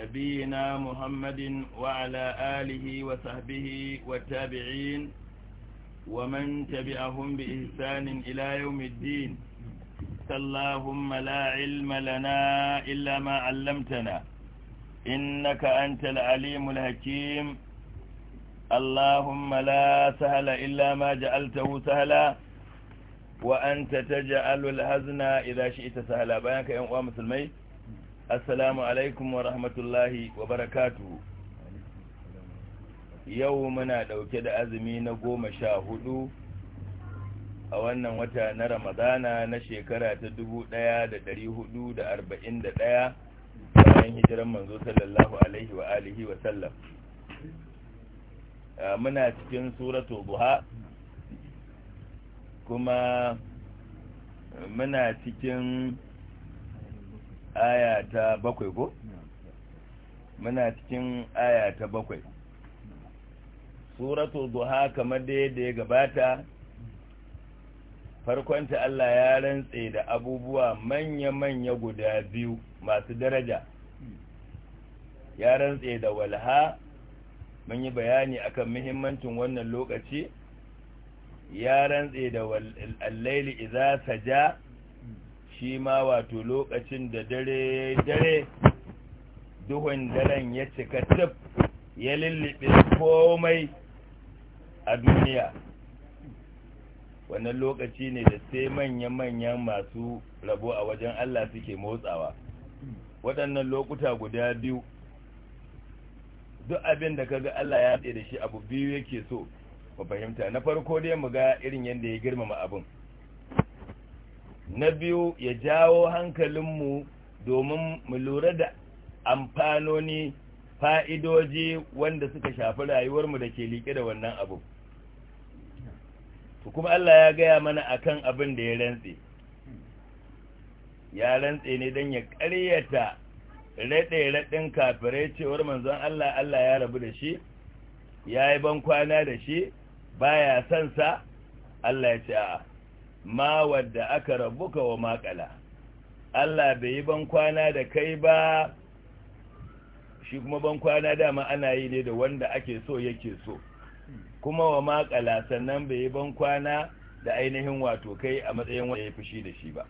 نبينا محمد وعلى آله وصحبه والتابعين ومن تبعهم بإحسان إلى يوم الدين اللهم لا علم لنا إلا ما علمتنا إنك أنت العليم الحكيم اللهم لا سهل إلا ما جعلته سهلا وأنت تجعل الهزن إذا شئت سهلا بيانك يا أمام مسلمين assalamu alaikum wa rahmatullahi wa barakatuhu yau muna dauke da azumi na goma sha hudu a wannan wata na ramadana na shekara ta dubu daya da dari hudu da arba'in da daya bayan hijiran manzo sallallahu alaihi wa alihi wa sallam muna cikin suratul duha kuma muna cikin aya ta bakwai ko? muna cikin aya ta bakwai suratu duha kamar da yadda ya gabata farkonta Allah ya rantse da abubuwa manya-manya guda biyu masu daraja ya rantse da walha mun yi bayani akan muhimmancin wannan lokaci ya rantse da allaili idza saja shi ma wato lokacin da dare dare duhun daren ya cika tif ya lullube komai a duniya wannan lokaci ne da sai manya-manyan masu rabo a wajen Allah suke motsawa waɗannan lokuta guda biyu duk abin da kaga Allah ya tsere shi abu biyu yake so ba fahimta na farko dai mu ga irin yadda ya girmama abin na biyu ya jawo hankalinmu domin mu lura da amfanoni fa'idoji wanda suka shafi rayuwarmu da ke liƙe da wannan abu kuma Allah ya gaya mana a kan abin da ya rantse ya rantse ne don ya ƙaryata raɗe-raɗin kafirai cewar manzon Allah Allah ya rabu da shi ya yi ban kwana da shi baya son sa Allah ya ce a'a ma wadda aka rabuka wa makala Allah bai yi ban kwana da kai ba shi kuma ban kwana dama ana yi ne da wanda ake so yake so kuma wa makala sannan bai yi ban kwana da ainihin wato kai a matsayin wanda ya fushi da shi ba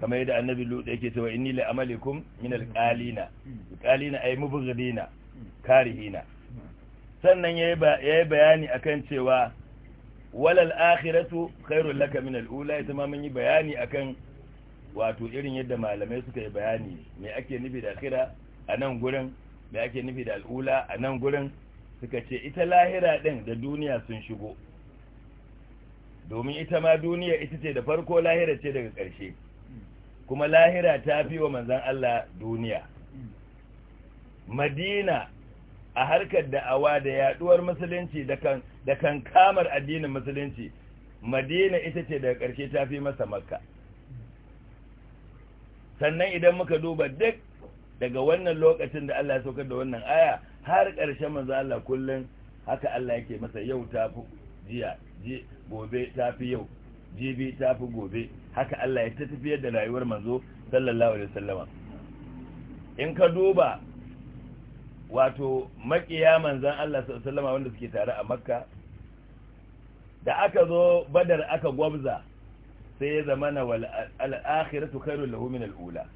kamar yadda annabi luɗe yake cewa inni la amalikum min alqalina alqalina ay mubghidina karihina sannan yayi bayani akan cewa walal akhiratu khairul laka min al ita ma mun yi bayani akan wato irin yadda malamai suka yi bayani me ake nufi da akhira a nan gurin me ake nufi da al'ula a nan gurin suka ce ita lahira din da duniya sun shigo domin ita ma duniya ita ce da farko lahira ce daga ƙarshe kuma lahira ta fi wa manzan Allah duniya madina a harkar da'awa da yaduwar musulunci da kan kamar addinin musulunci madina ita ce daga ƙarshe ta fi masa makka sannan idan muka duba duk daga wannan lokacin da Allah ya saukar da wannan aya har karshe manzo Allah kullun haka Allah yake masa yau ta fi jiya gobe ta fi yau jibi ta fi gobe haka Allah ya tafiyar da rayuwar manzo sallallahu alaihi wasallam in ka duba wato makiya manzan Allah sallama wanda suke tare a makka da aka zo badar aka gwabza sai ya zama na al'akhiratu khairul lahu min al'ula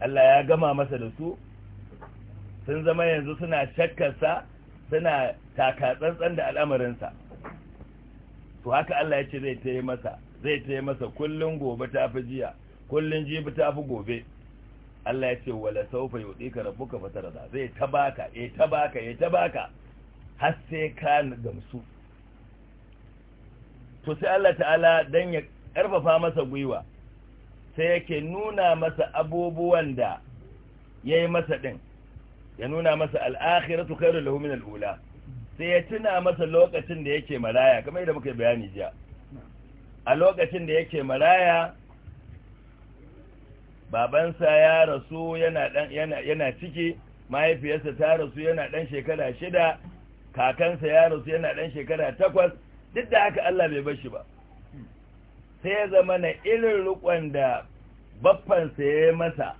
Allah ya gama masa da su sun zama yanzu suna shakkarsa suna takatsantsan da al'amarinsa to haka Allah ya ce zai taya masa zai taya masa kullun gobe ta fi jiya kullun jibi ta fi gobe Allah ya ce wala saufa ka rabbuka fatarda zai tabaka eh tabaka eh tabaka har sai ka gamsu to sai Allah ta'ala dan ya karfafa masa gwiwa sai yake nuna masa abubuwan da yayi masa din ya nuna masa al-akhiratu lahu min al-ula sai ya tuna masa lokacin da yake maraya kamar yadda muka bayani jiya a lokacin da yake maraya babansa ya rasu yana ciki mahaifiyarsa ta rasu yana dan shekara shida kakansa ya rasu yana dan shekara takwas duk da haka Allah bai bashi ba sai ya zama na irin rukon da baffansa ya yi masa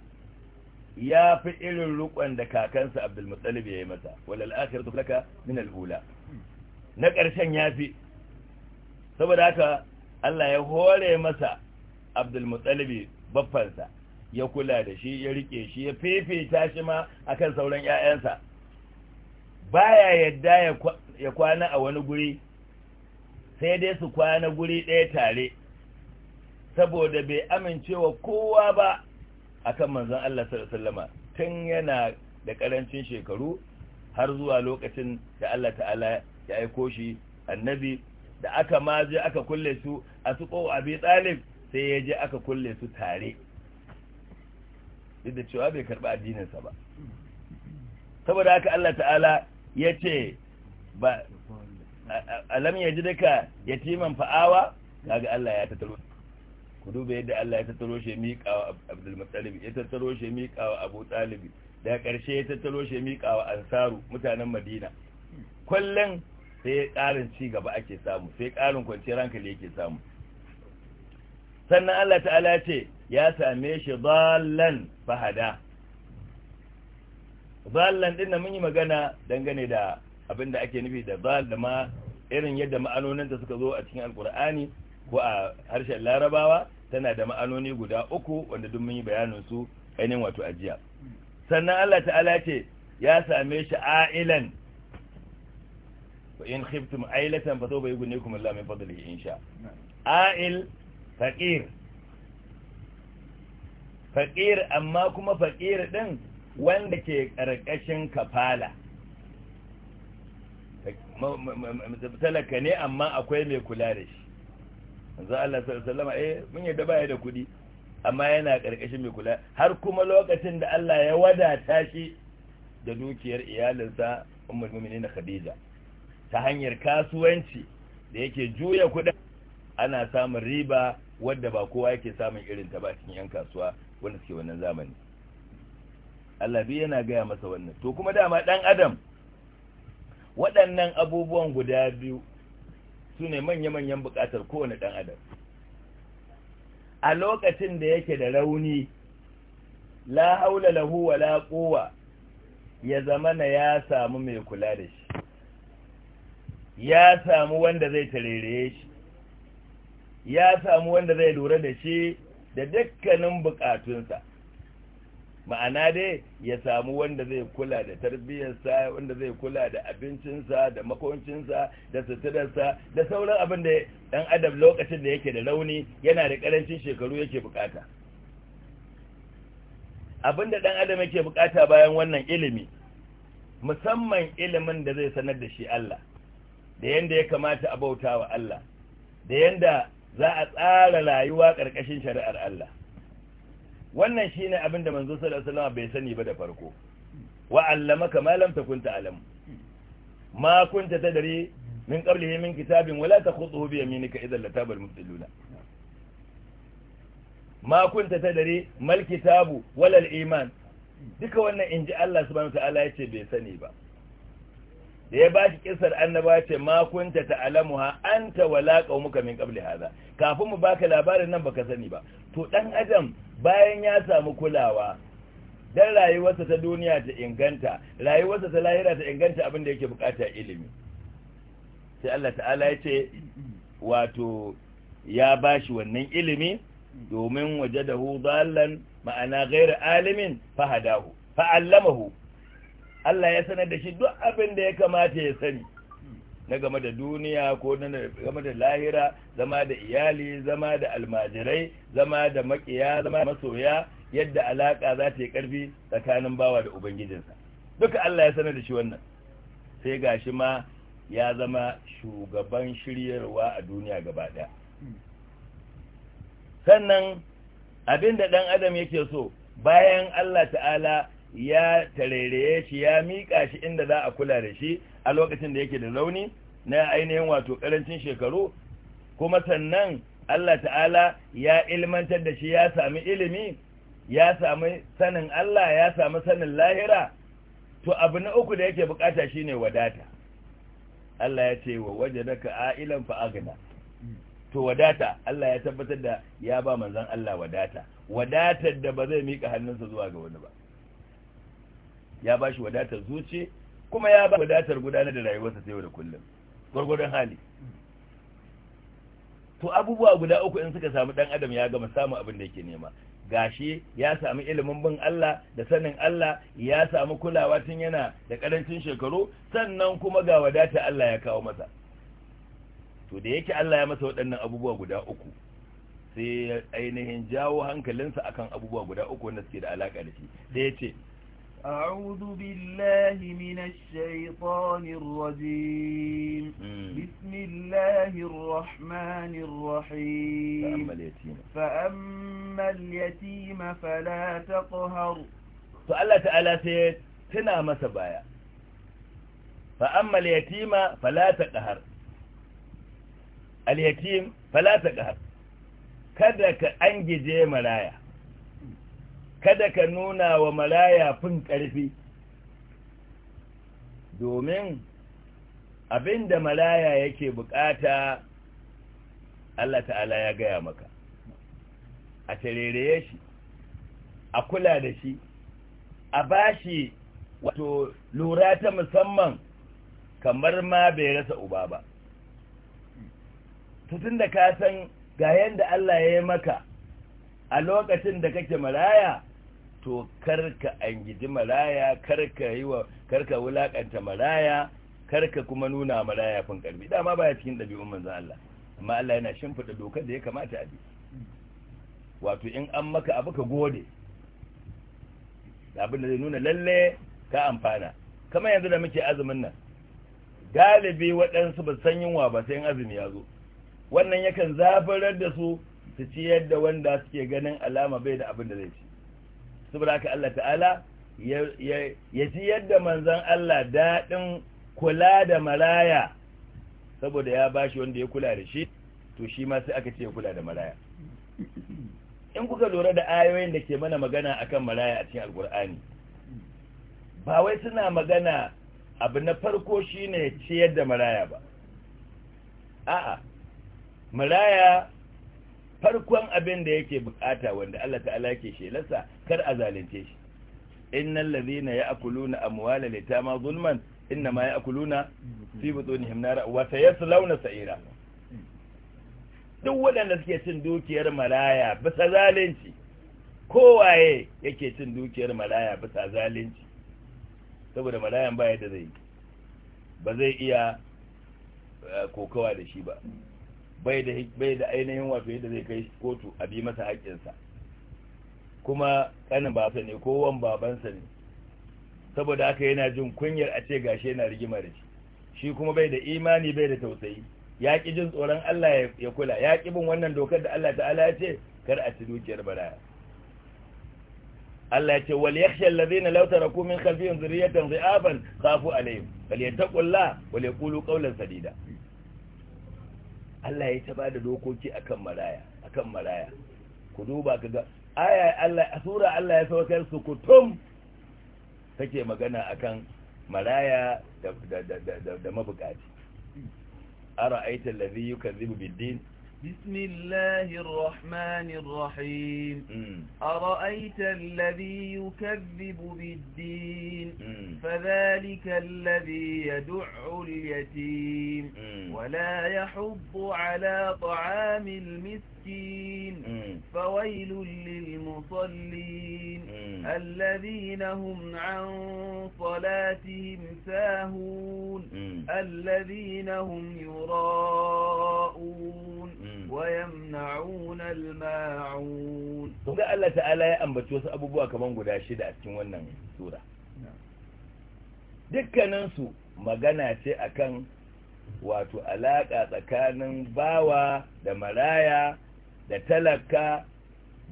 ya fi irin rukon da kakansa abdulmutsalib ya yi masa walal akhir tuflaka min al'ula na ƙarshen ya fi saboda haka Allah ya hore masa abdulmutsalibi baffansa ya kula da shi ya rike shi ya fefeta shi ma akan sauran ƴaƴansa baya yadda ya kwana a wani guri sai dai su kwana guri ɗaya tare saboda bai amincewa kowa ba akan manzon Allah sallallahu tun yana da karancin shekaru har zuwa lokacin da Allah ta'ala ya aiko shi annabi da aka ma je aka kulle su a suko abi talib sai ya je aka kulle su tare duk da cewa bai karɓi addininsa ba saboda haka Allah ta'ala ya ce ba alam ya ji duka yatiman fa'awa kaga Allah ya tattaro ku duba yadda Allah ya tattaro shi miƙawa Abdul Muttalib ya tattaro shi miƙawa Abu Talib da ƙarshe ya tattaro shi miƙawa Ansaru mutanen Madina kullun sai ƙarin ci gaba ake samu sai ƙarin kwanciyar hankali yake samu sannan Allah ta'ala ce ya same shi dallan fahada zallan din mun yi magana dangane da abin da ake nufi da zal da ma irin yadda ma'anoninta suka zo a cikin alkur'ani ko a harshen larabawa tana da ma'anoni guda uku wanda duk mun yi bayanin su ainihin wato ajiya sannan Allah ta'ala ce ya same shi ailan wa in khiftum ailatan fa sawfa yughnikum Allah min fadlihi insha ail faqir faƙir amma kuma faƙir ɗin wanda ke ƙarƙashin kafala talaka ne amma akwai mai kula da shi manzo Allah sallallahu alaihi eh, mun yadda baya da kuɗi amma yana ƙarƙashin mai kula har kuma lokacin da Allah ya wadata shi da dukiyar iyalinsa ummul mu'minin Khadija ta hanyar kasuwanci da yake juya kuɗin ana samun riba wadda ba kowa yake samun irin ta ba cikin 'yan kasuwa wanda suke wannan zamani Allah bi yana gaya masa wannan to kuma dama dan adam waɗannan abubuwan guda biyu su ne manya-manyan buƙatar kowane ɗan adam a lokacin da yake da rauni la haula lahu wa la quwa ya zamana ya samu mai kula da shi ya samu wanda zai tarere shi ya samu wanda zai lura da shi da dukkanin bukatunsa ma'ana dai ya samu wanda zai kula da tarbiyyarsa wanda zai kula da abincinsa da makoncinsa da suturarsa da sauran abin da ɗan adam lokacin da yake da rauni yana da ƙarancin shekaru yake bukata abin da ɗan adam yake bukata bayan wannan ilimi musamman ilimin da zai sanar da shi Allah da yanda ya kamata a bauta wa Allah da yanda za a tsara rayuwa ƙarƙashin shari'ar Allah wannan shi ne abin da manzo sallallahu alaihi wasallam bai sani ba da farko wa allamaka ma lam takun ta'lam ma ta dare min qablihi min kitabin wala takhutuhu bi yaminika idhan lataba al-mubtiluna ma kunta tadri mal kitabu wala al-iman duka wannan in ji Allah subhanahu wa ta'ala ce bai sani ba da ya ba shi kisar annaba ce ma kunta ta'lamuha anta wala qaumuka min qabli hadha kafin mu baka labarin nan baka sani ba to dan adam bayan ya samu kulawa dan rayuwarsa ta duniya ta inganta rayuwarsa ta lahira ta inganta abin da yake bukata ilimi sai Allah ta'ala ya ce wato ya bashi wannan ilimi domin wajadahu dallan ma'ana ghairu alimin fahadahu fa'allamahu Allah ya sanar da shi duk abin da ya kamata ya sani na game da duniya ko na game da lahira zama da iyali zama da almajirai zama da makiya zama da masoya yadda alaka za ta yi karfi tsakanin bawa da ubangijinsa duka Allah ya sanar da shi wannan sai gashi ma ya zama shugaban shiryarwa a duniya gaba daya sannan abin da dan adam yake so bayan Allah ta'ala ya tarereye shi ya miƙa shi inda za a kula da shi a lokacin da yake da rauni na ainihin wato ƙarancin shekaru kuma sannan Allah ta'ala ya ilmantar da shi ya sami ilimi ya sami sanin Allah ya sami sanin lahira to abu na uku da yake bukata shine wadata Allah ya ce wa wajadaka a'ilan fa to wadata Allah ya tabbatar da ya ba manzon Allah wadata wadatar da ba zai mika hannunsa zuwa ga wani ba ya ba shi wadatar zuci kuma ya ba wadatar gudanar da rayuwarsa ta yau da kullum gwargwadon hali to abubuwa guda uku in suka samu dan adam ya gama samun abin da yake nema gashi ya samu ilimin bin Allah da sanin Allah ya samu kulawa tun yana da karancin shekaru sannan kuma ga wadatar Allah ya kawo masa to da yake Allah ya masa waɗannan abubuwa guda uku sai ainihin jawo hankalinsa akan abubuwa guda uku wanda suke da alaka da shi da ya ce أعوذ بالله من الشيطان الرجيم بسم الله الرحمن الرحيم فأما اليتيم فأما اليتيم فلا تقهر فألا تعالى سيد تنا مسبايا فأما اليتيم فلا تقهر اليتيم فلا تقهر كذا كأنجي an gije kada ka nuna wa malaya fin ƙarfi domin abin da malaya yake bukata Allah ta'ala ya gaya maka a tarereye shi a kula da shi a bashi wato lura ta musamman kamar ma bai rasa uba ba tutun da ka san ga yadda Allah ya yi maka a lokacin da kake maraya? to karka angiji maraya karka yi wa karka wulakanta maraya karka kuma nuna maraya fin karbi dama baya cikin dabi'un manzon Allah amma Allah yana shimfida dokar da ya kamata a bi wato in an maka abu ka gode abin da zai nuna lalle ka amfana kamar yanzu da muke azumin nan galibi waɗansu ba san yunwa ba sai in azumi ya zo wannan yakan zafarar da su su ciyar da wanda suke ganin alama bai da abin da zai ci saboda haka Allah ta'ala ya ji yadda manzan Allah daɗin kula da maraya saboda ya ba shi wanda ya kula da shi to shi ma sai aka ce ya kula da maraya in kuka lura da ayoyin da ke mana magana akan maraya a cikin alkur'ani ba wai suna magana abu na farko shine ciyar da maraya ba a'a maraya farkon abin da yake bukata wanda Allah ta'ala ke shelarsa kar a zalunce shi innal ladhina ya'kuluna amwala litama zulman ma ya'kuluna fi butunihim nara wa sayaslawna sa'ira duk waɗanda suke cin dukiyar malaya bisa zalunci kowaye yake cin dukiyar malaya bisa zalunci saboda malayan baya da zai ba zai iya eh, kokawa da shi ba bai da bai da ainihin wato yadda zai kai kotu a bi masa haƙƙinsa kuma kanin babansa ne ko wan babansa ne saboda haka yana jin kunyar a ce gashi yana rigima da shi shi kuma bai da imani bai da tausayi ya ki jin tsoron Allah ya kula ya ki bin wannan dokar da Allah ta'ala ya ce kar a ci dukiyar baraya Allah ya ce wal yakhsha alladhina law taraku min khalfihim dhurriyatan dhi'afan khafu alayhim falyattaqullah wa yaqulu qawlan sadida Allah ya taba da dokoki akan maraya akan maraya ku duba kaga aya Allah sura Allah ya saukar su kutum take magana akan maraya da da da da, mabukaci mabukaci ara'aita allazi yukazzibu bid-din بسم الله الرحمن الرحيم أرأيت الذي يكذب بالدين فذلك الذي يدع اليتيم ولا يحب على طعام المسكين مسكين فويل للمصلين الذين هم عن صلاتهم ساهون الذين هم يراءون ويمنعون الماعون ga Allah ta'ala ya ambaci wasu abubuwa kaman guda shida a cikin wannan sura dukkaninsu magana ce akan wato alaƙa tsakanin bawa da maraya da talaka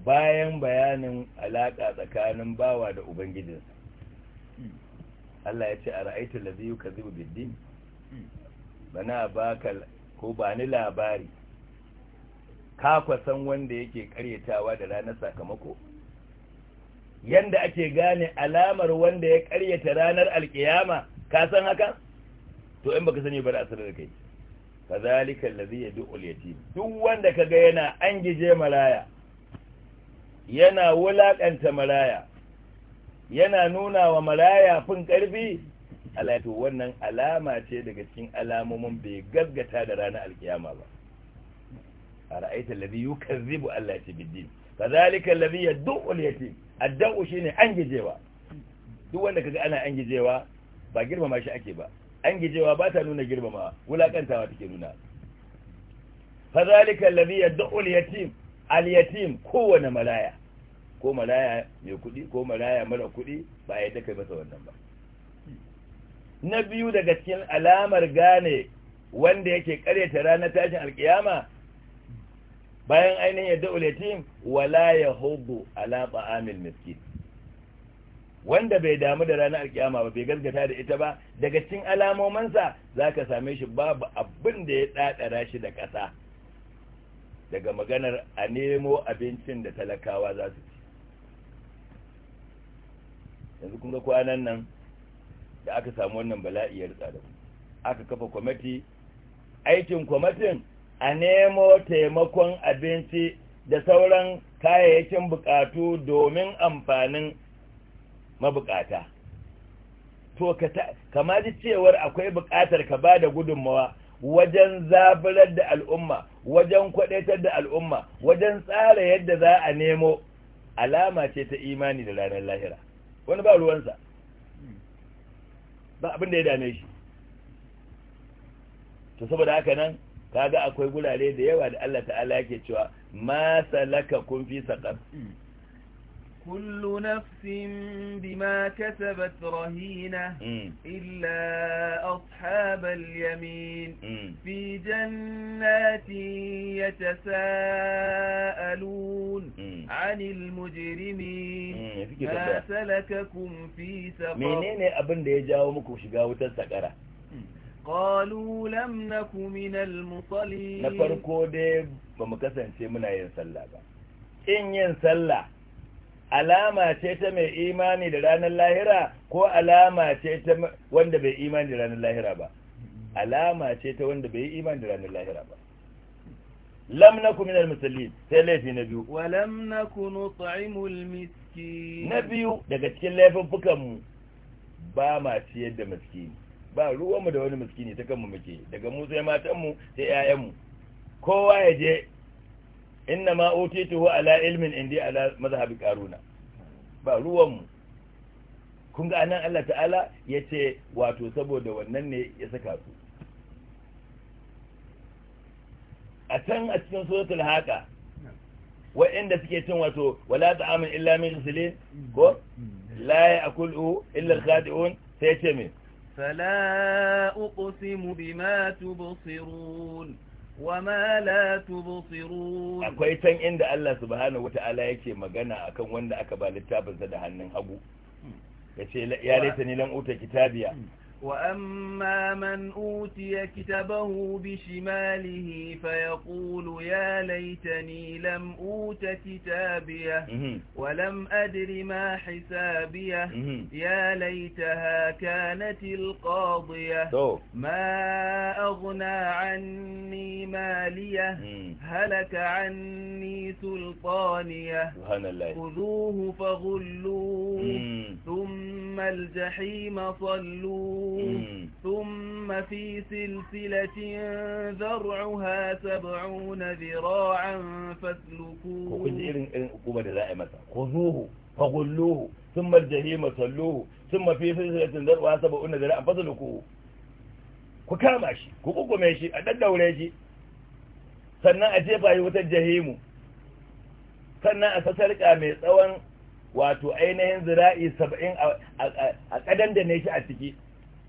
bayan bayanin alaƙa tsakanin bawa da ubangijinsa Allah ya ce a ra'aitu da biyu ka zubu biddin bana baka ko ba ni labari kakwasan wanda yake karyatawa da ranar sakamako yanda ake gane alamar wanda ya karyata ranar alkiyama ka san haka to in ba ka sani ba da asirar kai kazalika allazi al yatim duk wanda kaga yana angije maraya yana wulakanta maraya yana nuna wa maraya fin karfi alatu wannan alama ce daga cikin alamomin bai gaggata da ranar alkiyama ba a ra'aita allazi yukazzibu Allah ta biddin fadhalika allazi yad'u al-yatim ad shine angijewa duk wanda kaga ana angijewa ba girmama shi ake ba an gijewa ba ta nuna girmama wulakantawa take nuna fazalika alladhi yad'u al-yatim al-yatim kowane malaya ko malaya mai kuɗi ko malaya mara kuɗi ba ya take masa wannan ba na biyu daga cikin alamar gane wanda yake karyata ranar tashin alkiyama bayan ainihin al-yatim wala ya ala ta'amil miskin wanda bai damu da ranar alkiyama ba bai gaskata da ita ba daga cikin za zaka same shi babu abin da ya dadara shi da kasa daga maganar a nemo abincin da talakawa za su ci yanzu kun kwanan nan da aka samu wannan bala'iyar tsada aka kafa kwamiti aikin kwamitin a nemo taimakon abinci da sauran kayayyakin bukatu domin amfanin mabukata to kama ji cewar akwai bukatar ka ba da gudunmawa wajen zaburar da al'umma wajen kwadaitar da al'umma wajen tsara yadda za a nemo alama ce ta imani da ranar lahira wani ba ruwansa ba abin da ya dame shi to saboda haka nan kaga akwai gurare da yawa da Allah ta'ala yake cewa ma salaka kun fi saqar hmm. كل نفس بما كسبت رهينة إلا أصحاب اليمين في جنات يتساءلون عن المجرمين ما سلككم في سقر منين أبن دي جاومكم شقاوة السقرة قالوا لم نك من المصلين نفرقوا دي بمكسن سيمنا ينسلا إن ينسلا alama ce ta mai imani da ranar lahira ko alama ce ta wanda bai imani da ranar lahira ba alama ce ta wanda bai imani da ranar lahira ba lam naku min al-musallin sai laifi na biyu wa lam naku nut'imu al-miskin na biyu daga cikin laifuffukan mu ba ma ciyar da miskin ba ruwan mu da wani ne ta kanmu muke daga mu sai matan mu sai ƴaƴan mu kowa ya je inna ma utituhu ala ilmin indi ala mazhabi karuna ba ruwan kun ga Allah ta'ala ya ce wato saboda wannan ne ya saka su a can a cikin suratul haka wa'inda suke cin wato wala ta'amin illa min ghislin ko la ya'kulu illa khadiun sai ce me fala uqsimu bima tubsirun وما لا تبصرون akwai can inda Allah subhanahu wataala yake magana akan wanda aka ba littafin da hannun hagu yace hmm. ya laita ni lan uta kitabiya hmm. وأما من أوتي كتبه بشماله فيقول يا ليتني لم أوت كتابيه ولم أدر ما حسابيه يا ليتها كانت القاضية ما أغنى عني ماليه هلك عني سلطانيه خذوه فغلوه ثم الجحيم صلوه ثم في سلسلة ذرعها سبعون ذراعا فاسلكوه وكل إرن إرن أقوبة دائمة خذوه فغلوه ثم الجهيم صلوه ثم في سلسلة ذرعها سبعون ذراعا فاسلكوه ku kama shi ku kukume shi a daddaure shi sannan a jefa yi wutar jahimu sannan a sasarƙa mai tsawon wato ainihin zira'i saba'in a kadan da ne shi a ciki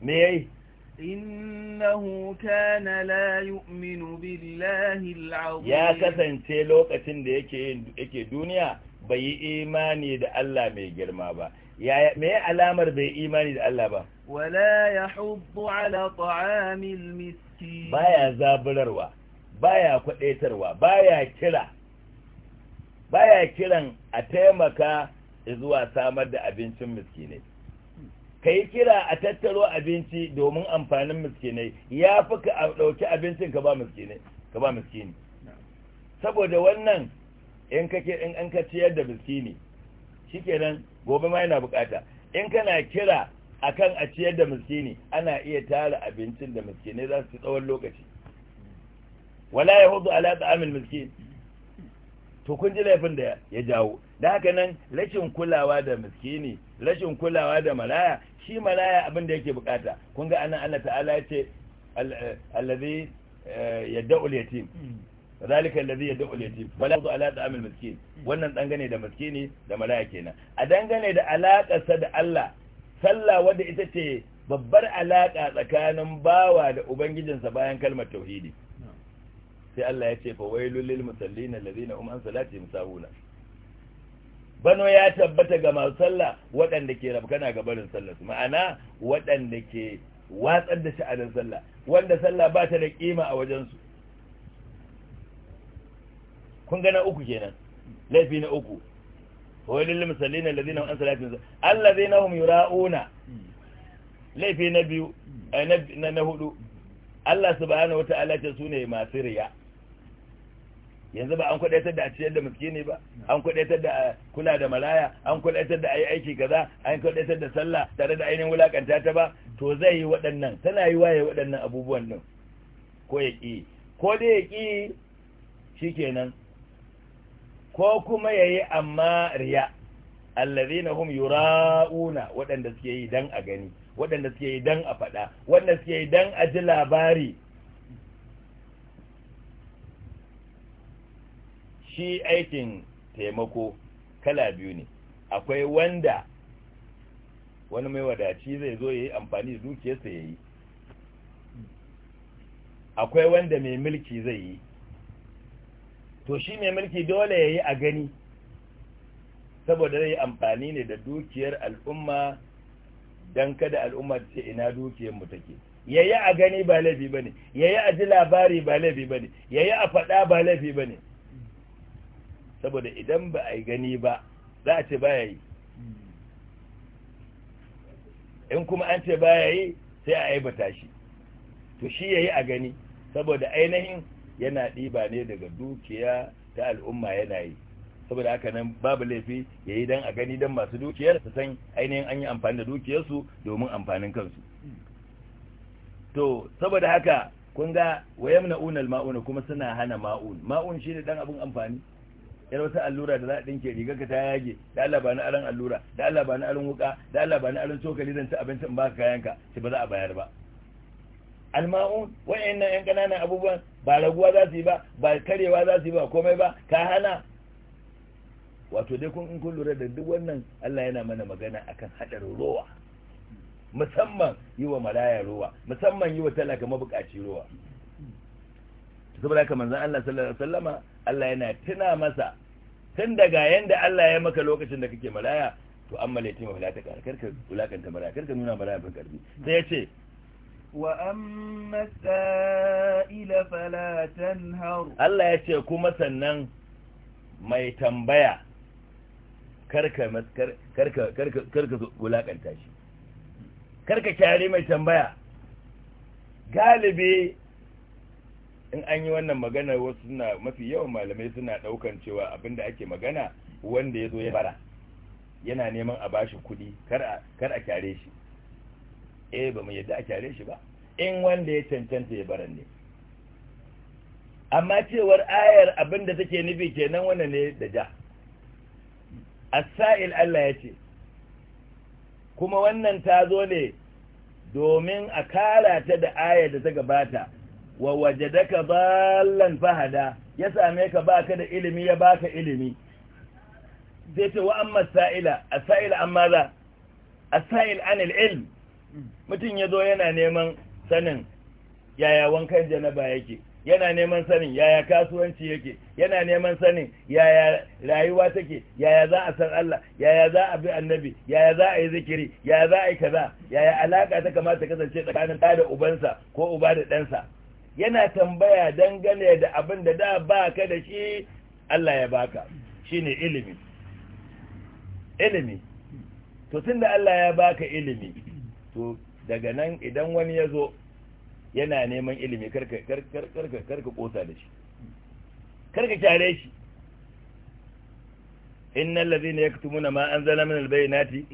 me yayi innahu kana la yu'minu billahi al'azim ya kasance lokacin da yake yake duniya bai yi imani da Allah mai girma ba ya me alamar bai imani da Allah ba wala yahuddu ala ta'amil miskin baya zaburarwa baya kwadaitarwa baya kira baya kiran a taimaka zuwa samar da abincin miskinai ka yi kira a tattaro abinci domin amfanin miskinai ya fi ka ɗauki abincin ka ba miskini saboda wannan in ka in an ka ciyar da miskini shikenan gobe ma yana bukata in kana kira akan a ciyar da miskini ana iya tara abincin da miskinai za su tsawon lokaci wala hudu ala ta'amil miskin to kun ji laifin da ya jawo da haka nan rashin kulawa da miskini rashin kulawa da malaya shi malaya abin da yake bukata kun ga anan Allah ta'ala ya ce eh, allazi eh, yad'ul yatim zalika allazi yad'ul yatim wala yad'u ala ta'amil miskin wannan dangane da miskini da malaya kenan a dangane da sa da Allah sallah wanda ita ce babbar alaka tsakanin bawa da ubangijinsa bayan kalmar tauhidi sai Allah ya ce fa wailul lil musallin allazina hum an salati musawuna. bano ya tabbata ga masu sallah waɗanda ke rabkana ga barin sallah ma'ana waɗanda ke watsar da sha'anin sallah wanda sallah ba ta da kima a wajensu kun gana uku kenan laifi na uku wailul musallina alladhina an salatin alladhina hum yura'una laifi na biyu eh, na hudu Allah subhanahu wata'ala ce sune masu riya yanzu ba an kwadaitar da a ciyar da miskini ba an kwadaitar da kula da maraya an kwadaitar da ayi aiki kaza an kwadaitar da sallah tare da ainihin wulakanta ta ba to zai yi waɗannan tana yi waye waɗannan abubuwan nan ko ya ƙi ko dai ya ƙi shikenan ko kuma ya yi amma riya allazina hum yura'una waɗanda suke yi dan a gani waɗanda suke yi dan a faɗa waɗanda suke yi dan a ji labari shi aikin taimako kala biyu ne akwai wanda wani mai wadaci zai zo ya yi amfani da dukiyarsa ya yi akwai wanda mai mulki zai yi to shi mai mulki dole ya yi a gani saboda zai yi amfani ne da dukiyar al'umma don kada al'ummar ce ina dukiyarmu take ya yi a gani ba laifi ba ne ya yi a ji labari ba laifi ba ne ya yi a faɗa ba laifi ba ne saboda idan ba a yi gani ba za a ce baya yi in kuma an ce baya yi sai a yi bata shi to shi ya yi a gani saboda ainihin yana ɗiba ne daga dukiya ta al'umma yana yi saboda haka nan babu laifi ya yi don a gani dan masu dukiyar su san ainihin an yi amfani da dukiyarsu domin amfanin kansu to saboda haka kun ga wayam na'unan mauna kuma suna hana ma'un ma'un shine dan abun amfani yar wata allura da za a dinke rigar ka ta yage da Allah ba ni aran allura da Allah ba ni aran wuka da Allah ba ni aran cokali zan ci abinci in baka kayan ka sai ba za a bayar ba alma'un wa'annan yan kananan abubuwan ba raguwa za su yi ba ba karewa za su yi ba komai ba ka hana wato dai kun in kun lura da duk wannan Allah yana mana magana akan hadar rowa musamman yi wa malaya rowa musamman yi wa talaka mabukaci rowa saboda haka manzon Allah sallallahu alaihi wasallama Allah yana tuna masa tun daga yanda Allah ya maka lokacin da kake malaya to amma laitima fala ta kar karka wulakanta malaya karka nuna malaya ban karbi sai ya ce wa amma sa'ila fala tanhar Allah ya ce kuma sannan mai tambaya karka karka karka karka wulakanta shi karka kyare mai tambaya galibi in an yi wannan magana wasu suna mafi yawan malamai suna daukan cewa abin da ake magana wanda ya zo ya bara yana neman a bashi kudi kar a kyare shi eh ba mu yadda a kyare shi ba in wanda ya cancanta ya bara ne amma cewar ayar abinda take nufi kenan wanda ne da ja as-sa'il Allah ya ce kuma wannan ta zo ne domin a kara ta da ayar da ta gabata wa wajadaka ballan fahada ya same ka baka da ilimi ya baka ilimi zai ce wa amma sa'ila as-sa'ila amma za as-sa'il anil ilm mutum yazo yana neman sanin yaya wankan janaba yake yana neman sanin yaya kasuwanci yake yana neman sanin yaya rayuwa take yaya za a san Allah yaya za a bi annabi yaya za a yi zikiri yaya za a yi kaza yaya alaka ta kamata kasance tsakanin ɗa da ubansa ko uba da ɗansa yana tambaya dangane da abin da da ka da shi Allah ya baka shine ilimi ilimi to tunda Allah ya baka ilimi to daga nan idan wani ya zo yana neman ilimi karka karka karka kosa da shi karka kyare shi innal ladhina yaktumuna ma anzalna min albayinati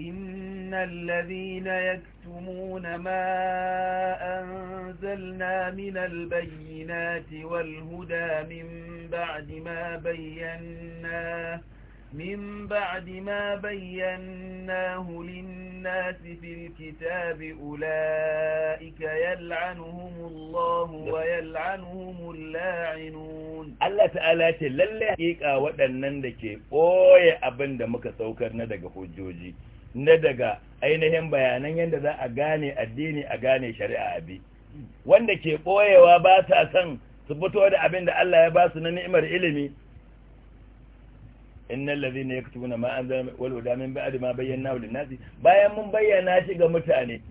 من الذين يكتمون ما أنزلنا من البينات والهدى من بعد ما بيناه من بعد ما بيناه للناس في الكتاب أولئك يلعنهم الله ويلعنهم اللاعنون الله تعالى لله إيكا ودنن دكي أوي أبن دمك سوكر ندق حجوجي na daga ainihin bayanan yadda za a gane addini a gane shari'a a bi wanda ke ɓoyewa ba sa son su fito da abin da Allah ya ba su na ni'imar ilimi innal ladhina yaktubuna ma anzalna wal huda min ba'di ma bayyana wani nasi bayan mun bayyana shi ga mutane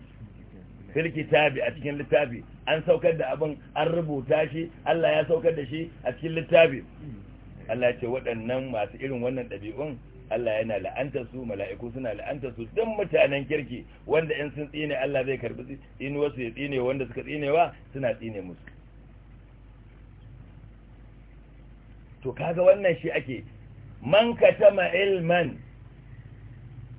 fil kitabi a cikin littafi an saukar da abin an rubuta shi Allah ya saukar da shi a cikin littafi Allah ce waɗannan masu irin wannan ɗabi'un Allah yana la'anta su mala'iku suna la'anta su dan mutanen kirki wanda in sun tsine Allah zai karbi in wasu ya tsine wanda suka tsinewa suna tsine musu to kaga wannan shi ake man katama ilman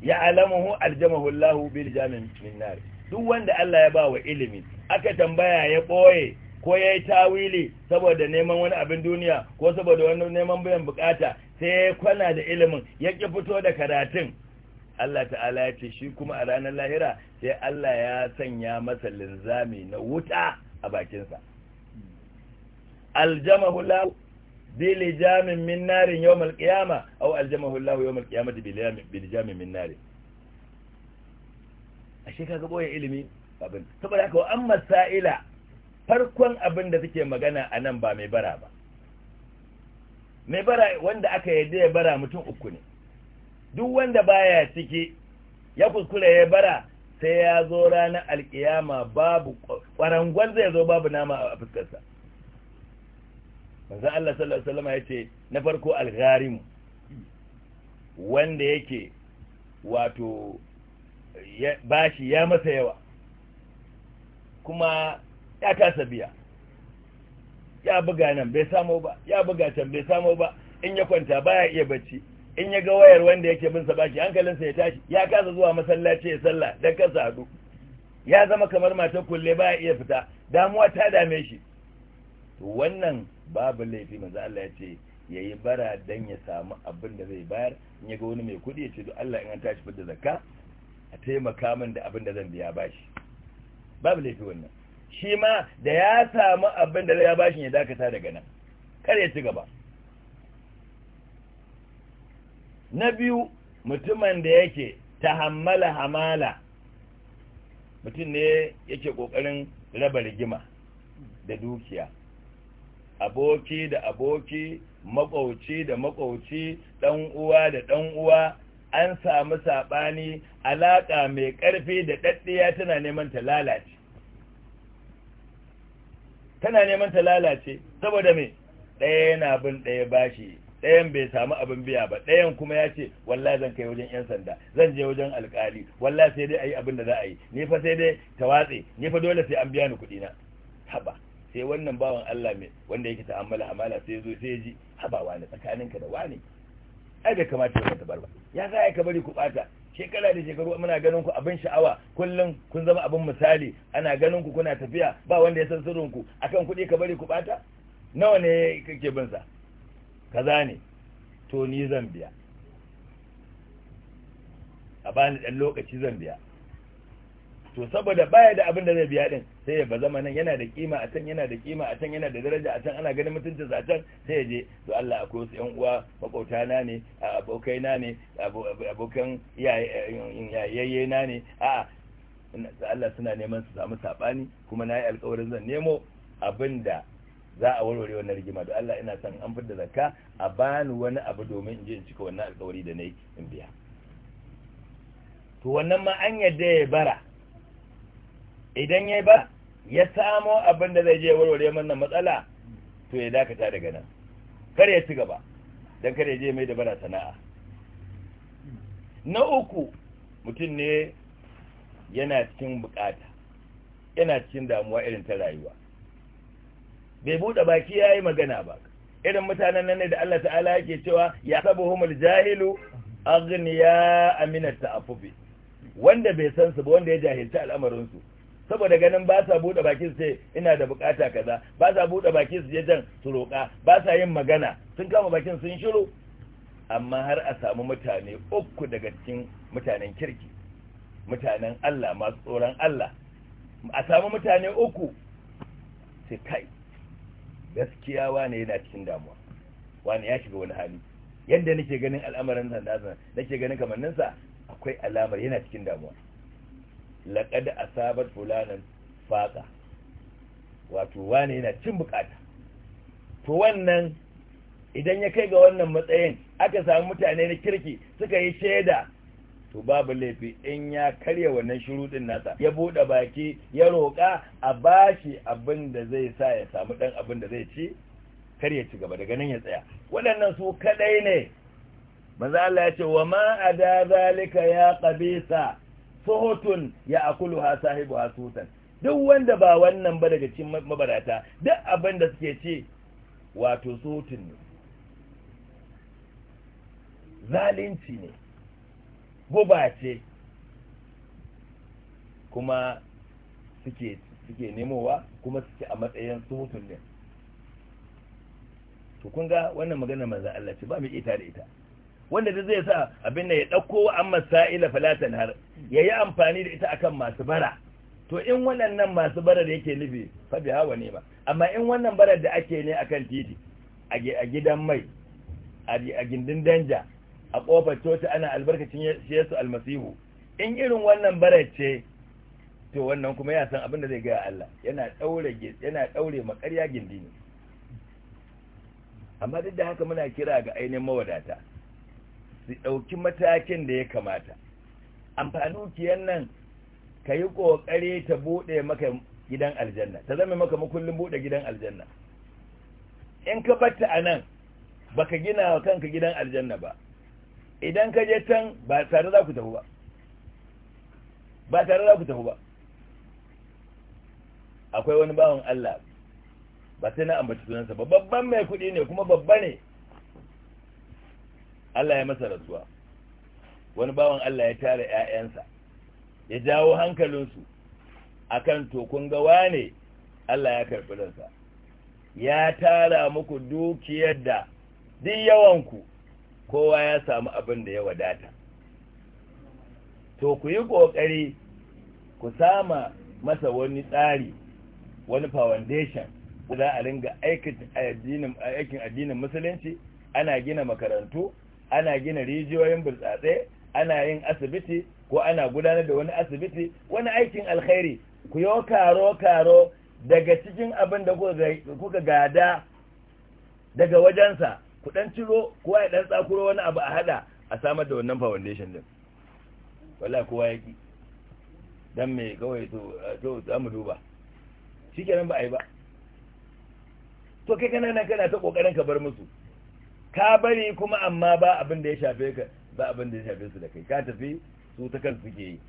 ya alamuhu aljamahu Allah bil jamin min nar duk wanda Allah ya bawa ilimi aka tambaya ya boye ko yayi tawili saboda neman wani abin duniya ko saboda wani neman bayan bukata sai ya kwana da ilimin ya ƙi fito da karatun Allah ta'ala ya ce shi kuma a ranar lahira sai Allah ya sanya masa linzami na wuta a bakinsa aljamahu lahu jamin min narin yawmal qiyama aw aljamahu lahu da bili jamin min narin ashe kaga ɓoye ilimi abin saboda haka wa amma sa'ila farkon abin da suke magana a nan ba mai bara ba mai bara wanda aka yadda ya bara mutum uku ne duk wanda baya ciki ya kuskure ya bara sai ya zo ranar alkiyama babu kwarangon zai zo babu nama a fuskarsa manzan Allah sallallahu Alaihi ya ce na farko algarimu wanda yake wato bashi ya masa yawa kuma ya kasa biya ya buga nan bai samu ba ya buga can bai samu ba in ya kwanta baya iya bacci in ya ga wayar wanda yake bin sa baki hankalinsa ya tashi ya kasa zuwa masallaci ya sallah dan kasa hadu ya zama kamar matar kulle baya iya fita damuwa ta dame shi to wannan babu laifi manzo Allah ya ce yayi bara dan ya samu abin da zai bayar in ya ga wani mai kudi ya ce don Allah in an tashi fitar zakka a taimaka min da abin da zan biya bashi babu laifi wannan shi ma da ya samu abin da ya bashi ya dakata daga nan kar ya ci gaba na biyu mutumin da yake ta hammala hamala mutum ne yake kokarin raba rigima da dukiya aboki da aboki makwauci da makwauci ɗan uwa da ɗan uwa an samu saɓani alaka mai ƙarfi da ɗaɗɗiya tana neman ta lalace tana neman ta lalace saboda me ɗaya yana bin ɗaya bashi ɗayan bai samu abin biya ba ɗayan kuma ya ce walla zan kai wajen yan sanda zan je wajen alkali walla sai dai ayi abin da za a yi ni fa sai dai ta watse ni fa dole sai an biya ni kuɗi na haba sai wannan bawan Allah me wanda yake ta'ammala amala sai zo sai ji haba wani tsakaninka da wani ai bai kamata ya ta barba ya za ka bari ku bata shekara da shekaru muna ganin ku abin sha'awa kullum kun zama abin misali ana ganin ku kuna tafiya ba wanda ya san sirrin ku akan kuɗi ka bari ku bata nawa ne kake bin sa kaza ne to ni zan biya a bani dan lokaci zan biya to saboda baya da abin da zai biya din sai ya bazama nan yana da kima a can yana da kima a can yana da daraja a can ana ganin mutuncin sa can sai ya je to Allah akwai wasu yan uwa makauta na ne abokai na ne abokan yayaye na ne a'a Allah suna neman su samu sabani kuma nayi alƙawarin zan nemo abin da za a warware wannan rigima da Allah ina san an fidda zakka a bani wani abu domin in je in cika wannan alƙawari da na yi in biya to wannan ma an yadda ya bara idan ya ba ya samo abin da zai je warware mana matsala to ya dakata daga nan kar ya ci gaba don kar ya je mai da bara sana'a na uku mutum ne yana cikin bukata yana cikin damuwa irin ta rayuwa bai buɗe baki ya yi magana ba irin mutanen nan ne da Allah ta'ala yake cewa ya sabu humul jahilu aghniya aminat ta'affufi wanda bai san su ba wanda ya jahilta al'amarin su saboda ganin ba sa buɗe bakin su ina da bukata kaza ba sa buɗe bakin su je jan su roƙa ba sa yin magana sun kama bakin sun shiru amma har a samu mutane uku daga cikin mutanen kirki mutanen Allah masu tsoron Allah a samu mutane uku sai kai gaskiya wane yana cikin damuwa wane ya shiga wani hali yadda nake ganin al'amarin sanda nake ganin kamanninsa akwai alamar yana cikin damuwa laqad asabat fulanan faqa wato wane yana cin bukata to wannan idan ya kai ga wannan matsayin aka samu mutane na kirki suka yi shaida to babu laifi in ya karya wannan shuruɗin nasa ya buɗe baki ya roƙa a bashi abin da zai sa ya samu ɗan abin da zai ci kar ya ci gaba daga nan ya tsaya waɗannan su kaɗai ne maza Allah ya ce wa ma zalika ya qabisa suhutun ya akulu ha sahibu ha sutan duk wanda ba wannan ba daga cikin mabarata duk abin da suke ce wato suhutun ne zalunci ne guba ce kuma suke suke nemowa kuma suke a matsayin suhutun ne to kun ga wannan magana manzo Allah ce ba mu ita da ita wanda zai sa abin da ya ɗauko wa an masa'ila falatan har ya yi amfani da ita akan masu bara to in waɗannan masu barar yake nufi fabi hawa ne ba amma in wannan barar da ake ne akan titi a gidan mai a gindin danja a ƙofar coci ana albarkacin yesu almasihu in irin wannan barar ce to wannan kuma ya san abin da zai gaya Allah yana daure yana ɗaure gindi ne amma duk da haka muna kira ga ainihin mawadata su ɗauki matakin da ya kamata amfani kiyan nan ka yi ƙoƙari ta buɗe maka gidan aljanna ta zama maka makullin buɗe gidan aljanna in ka batta a nan ka gina wa kanka gidan aljanna ba idan ka je can ba tare za ku tafi ba ba tare za ku tafi ba akwai wani bawan Allah ba sai na ambaci sunansa ba babban mai kuɗi ne kuma babba ne Allah ya masa rasuwa wani bawan Allah ya tara ‘ya'yansa ya jawo hankalinsu a kan tokun gawa ne Allah ya karɓi ransa ya tara muku dukiyar da duk yawanku kowa ya samu abin da ya wadata to ku yi ƙoƙari ku sama masa wani tsari wani foundation za a ringa aikin addinin musulunci ana gina makarantu ana gina rijiyoyin burtsatse ana yin asibiti ko ana gudanar da wani asibiti wani aikin alkhairi ku yo karo karo daga cikin abin da kuka gada daga wajensa ku dan ciro ko ya dan tsakuro wani abu a hada a samar da wannan foundation din wala kowa yaki dan me kawai to to za mu duba shikenan ba ai ba to kai kana kana ta kokarin ka bar musu ka bari kuma amma ba abin da ya shafe ka ba abin da ya shafe su da kai ka tafi su ta kan suke yi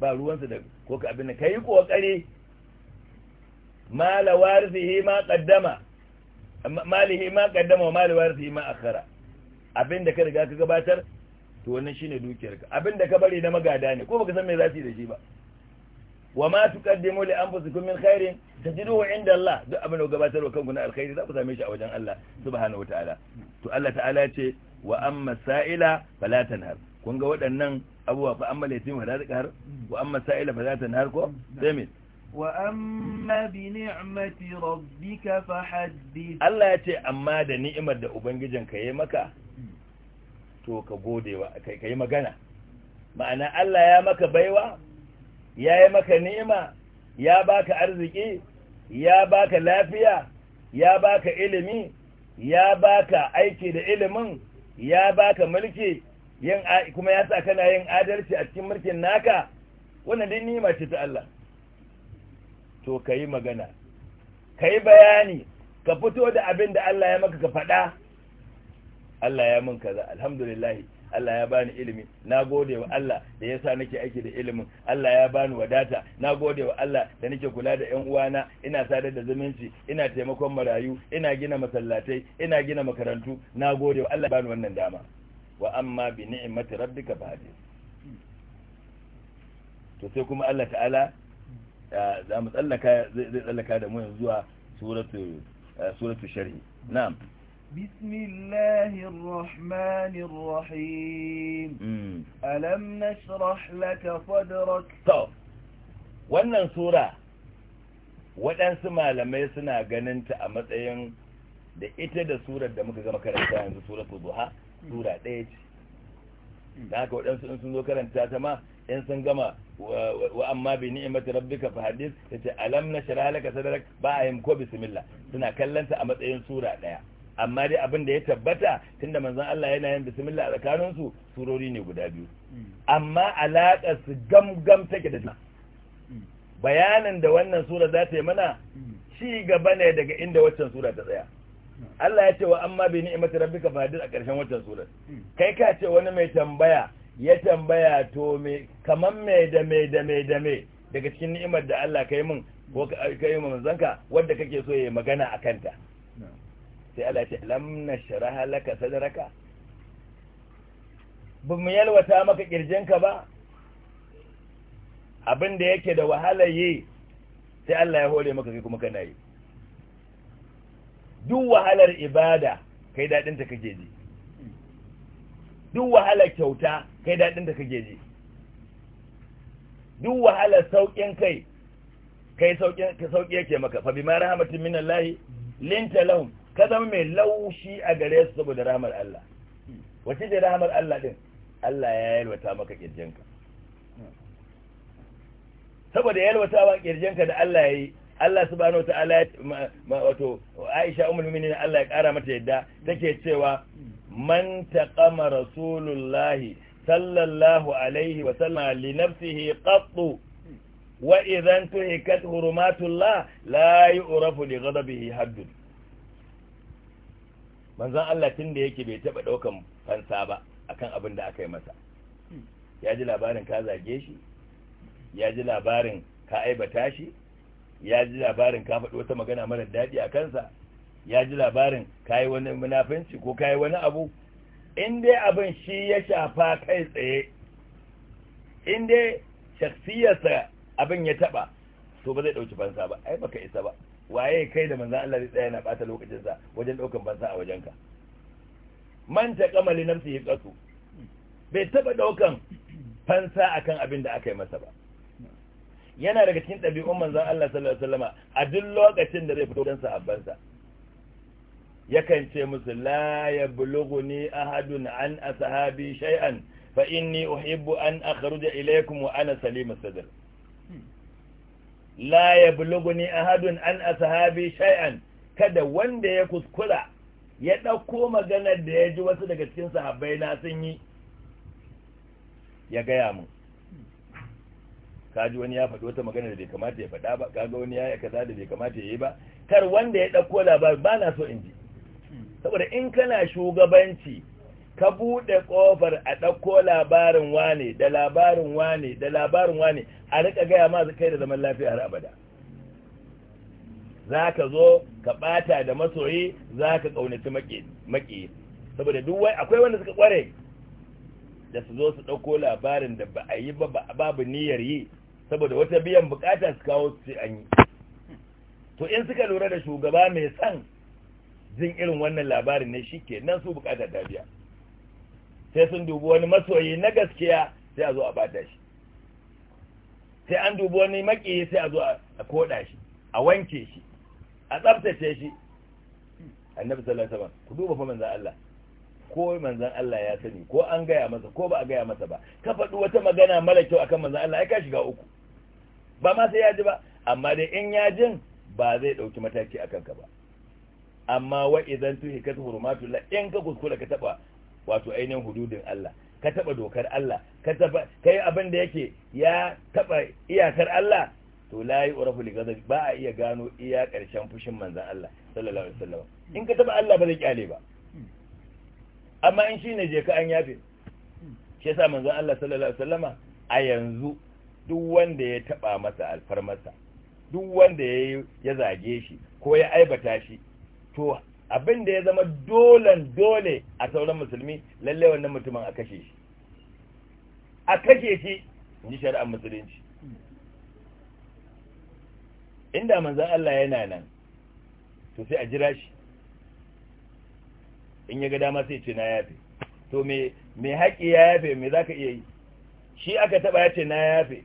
ba ruwansu da ko ka abin da kai kokari mala warisihi ma kaddama malihi ma qaddama wa warisihi ma akhara abin da ka riga ka gabatar to wannan shine dukiyarka abin da ka bari na magada ne ko baka san me za su yi da shi ba wa ma tuqaddimu li anfusikum min khairin tajiduhu inda Allah duk abin da gabatarwa kanku na alkhairi za ku same shi a wajen Allah subhanahu wataala to Allah ta'ala ce wa amma sa'ila fala tanhar kun ga waɗannan abubuwa fa amma laifin fala tanhar wa amma sa'ila fala tanhar ko sai wa amma bi ni'mati rabbika fahaddith Allah ya ce amma da ni'imar da ubangijinka yayi maka to ka gode wa kai kai magana ma'ana Allah ya maka baiwa ya yi maka nema, ya baka arziki ya baka lafiya ya baka ilimi ya baka aiki da ilimin ya baka mulki kuma ya sa kana yin adalci a cikin mulkin naka wannan din nima ce ta Allah to kai magana kai bayani ka fito da abin da Allah ya maka ka faɗa Allah ya mun kaza alhamdulillah Allah ya bani ilimi na gode wa Allah da yasa nake aiki da ilimin Allah ya bani wadata na gode wa Allah da nake kula da ƴan uwana ina sadar da zumunci ina taimakon marayu ina gina masallatai ina gina makarantu na gode wa Allah bani wannan dama wa amma bi ni'mati rabbika fahadith to sai kuma Allah ta'ala za mu tsallaka zai tsallaka da mu yanzu zuwa suratu eh, suratu sharhi na'am بسم الله الرحمن الرحيم ألم نشرح لك صدرك طب wannan sura waɗansu malamai suna ganinta a matsayin da ita da surar da muka gama karanta yanzu suratul duha sura ɗaya ce hmm. da haka waɗansu in sun zo karanta ta ma in sun gama wa amma bi ni'imati rabbika fa hadith tace alam nashrah laka sadrak ba ayyim ko bismillah suna kallanta a matsayin sura ɗaya amma dai abin da ya tabbata tunda manzon Allah yana yin bismillah a tsakanin su surori ne guda biyu amma alaka su gamgam take da bayanin da wannan sura za ta yi mana ci gaba ne daga inda waccan sura ta tsaya Allah ya ce wa amma bi ni'mati rabbika fadir a karshen waccan sura kai ka ce wani mai tambaya ya tambaya to me kaman me da me da me da me daga cikin ni'imar da Allah kai mun ko kai mun zanka wanda kake so yayi magana akan ta sai Allah ce lam nashraha laka sadraka bin mu yalwata maka kirjinka ba abin da yake da wahala yi sai Allah ya hore maka kai kuma kana yi duk wahalar ibada kai dadin ta kake ji duk wahalar kyauta kai dadin ta kake ji duk wahalar saukin kai kai sauki yake maka fa ma rahmatin minallahi linta lahum ka zama mai laushi a gare su saboda rahmar Allah wace ce rahmar Allah din Allah ya yalwata maka kirjinka saboda yalwata wa kirjinka da Allah ya yi Allah subhanahu wa ta'ala wato Aisha ummul mu'minin Allah ya kara mata yadda take cewa man taqama rasulullahi sallallahu alaihi wa sallam li nafsihi qattu wa idhan tuhikat hurumatullah la yu'rafu li ghadabihi haddun manzan Allah tun da yake bai taɓa ɗaukan fansa ba akan abin da aka yi masa ya ji labarin ka zage shi ya ji labarin ka aibata shi ya ji labarin ka faɗi wata magana mara daɗi a kansa ya ji labarin ka yi wani munafinci ko ka yi wani abu in dai abin shi ya shafa kai tsaye in dai shaksiyarsa abin ya taɓa to ba zai ɗauki fansa ba ai baka isa ba waye kai da manzan Allah zai tsaya yana bata lokacinsa wajen ɗaukan fansa a wajenka man ta kamali nafsi ya kasu bai taɓa ɗaukan fansa akan abin da aka yi masa ba yana daga cikin ɗabi'un manzan Allah sallallahu alaihi wasallama a duk lokacin da zai fito don sahabbansa yakan ce musu la yablughuni ahadun an ashabi shay'an fa inni uhibbu an akhruja ilaykum wa ana salimus sadr la ya bulguni ahadun an ashabi shay'an kada wanda ya kuskura ya dauko maganar da ya ji wasu daga cikin sahabbai na sun yi ya gaya mu kaji wani ya faɗi wata magana da bai kamata ya faɗa ba kaga wani ya kaza da bai kamata ya yi ba kar wanda ya dauko labarin ba na so in ji saboda in kana shugabanci ka buɗe ƙofar a ɗauko labarin wane da labarin wane da labarin wane a rika gaya ma kai da zaman lafiya har abada za ka zo ka ɓata da masoyi za ka ƙaunaci maƙi saboda duk wai akwai wanda suka ƙware da su zo su ɗauko labarin da ba a yi ba babu niyyar yi saboda wata biyan bukata su kawo su an yi to in suka lura da shugaba mai son jin irin wannan labarin ne shi ke nan su bukata ta biya sai sun dubi wani masoyi na gaskiya sai a zo a bada shi sai an dubi wani maƙiyi sai a zo a koɗa shi a wanke shi a tsabtace shi annabi sallallahu alaihi wasallam ku duba fa manzon Allah ko manzon Allah ya sani ko an gaya masa ko ba a gaya masa ba ka faɗi wata magana mara kyau akan manzon Allah ai ka shiga uku ba ma sai ya ji ba amma dai in ya jin ba zai ɗauki mataki akan ka ba amma wa idan tuhi ka hurmatu la in ka kuskura ka taba wato ainihin hududin Allah ka taba dokar Allah ka taba kai abin da yake ya taba iyakar Allah to la urafu li ghadab ba a iya gano iya karshen fushin manzon Allah sallallahu alaihi wasallam in ka taba Allah ba zai kyale ba amma in shine je ka an yafe shi yasa manzon Allah sallallahu alaihi wasallama a yanzu duk wanda ya taba masa alfarmarsa duk wanda ya zage shi ko ya aibata shi to abin da ya zama dolan dole a sauran musulmi lalle wannan mutumin a kashe shi a kashe shi ji shari'ar musulunci inda manzan Allah yana nan to sai a jira shi in ya ga dama sai ce na yafe to me me haƙi ya yafe me ka iya yi shi aka taba ya ce na yafe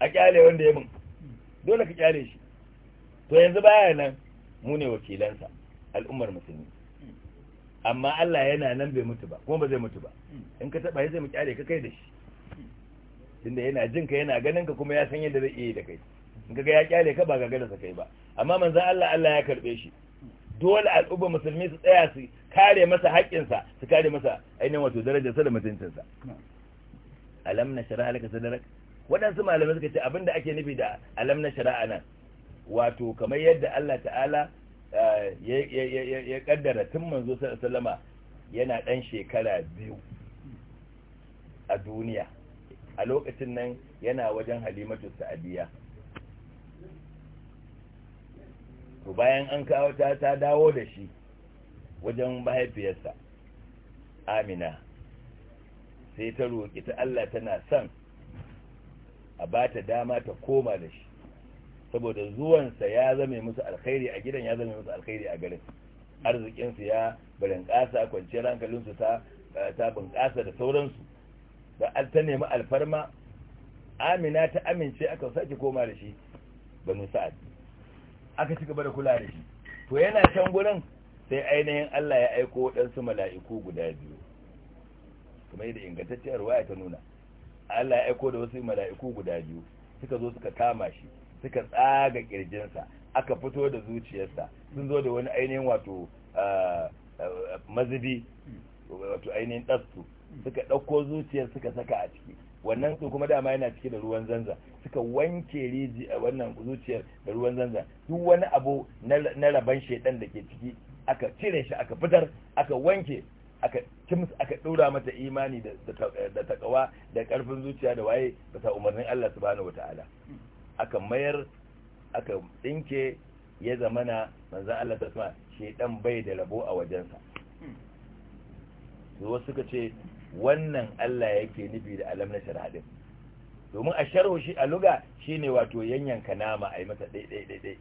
a kyale wanda ya mun dole ka kyale shi to yanzu baya nan mu ne wakilansa al'ummar musulmi amma Allah yana nan bai mutu ba kuma ba zai mutu ba in ka taba zai mu kyale ka kai da shi tunda yana jin ka yana ganin ka kuma ya san yadda zai iya da kai in ka ga ya kyale ka ba ga ganin sa kai ba amma manzon Allah Allah ya karbe shi dole al'umma musulmi su tsaya su kare masa haƙƙinsa su kare masa ainihin wato darajarsa da sa alam na shara'a laka sadarak waɗansu malamai suka ce abinda ake nufi da alam na shara'a nan wato kamar yadda Allah ta'ala ya kaddara tun manzo sallama yana dan shekara biyu a duniya a lokacin nan yana wajen halimatu sa'adiyya to bayan an kawo ta ta dawo da shi wajen mahaifiyarsa amina sai ta roƙi ta Allah tana son a ba ta dama ta koma da shi saboda zuwansa ya zame musu alkhairi a gidan ya zame musu alkhairi a garin arzikinsu ya barin kasa kwanciyar hankalinsu ta eh, ta kasa da sauransu da ta nemi alfarma amina ta amince aka saki koma da shi banu sa'ad aka ci gaba da kula da shi to yana can gurin sai ainihin Allah ya aiko waɗansu mala'iku guda biyu kuma yadda ingantacciyar waya ta nuna Allah ya aiko da wasu mala'iku guda biyu suka zo suka kama shi suka tsaga kirjinsa aka fito da zuciyarsa sun zo da wani ainihin wato mazubi wato ainihin ɗastu suka ɗauko zuciyar suka saka a ciki wannan su kuma dama yana ciki da ruwan zanza suka wanke riji a wannan zuciyar da ruwan zanza duk wani abu na raban shaidan da ke ciki aka cire shi aka fitar aka wanke aka kims ɗora mata imani da takawa da ƙarfin zuciya da waye bisa umarnin Allah subhanahu wataala aka mayar aka tsinke ya zamana manzan Allah ta sama shedan bai da rabo a wajensa zuwa suka ce wannan Allah yake nufi da alam na sharhadin domin a sharho shi a luga shine wato yanyanka nama a yi masa daidai daidai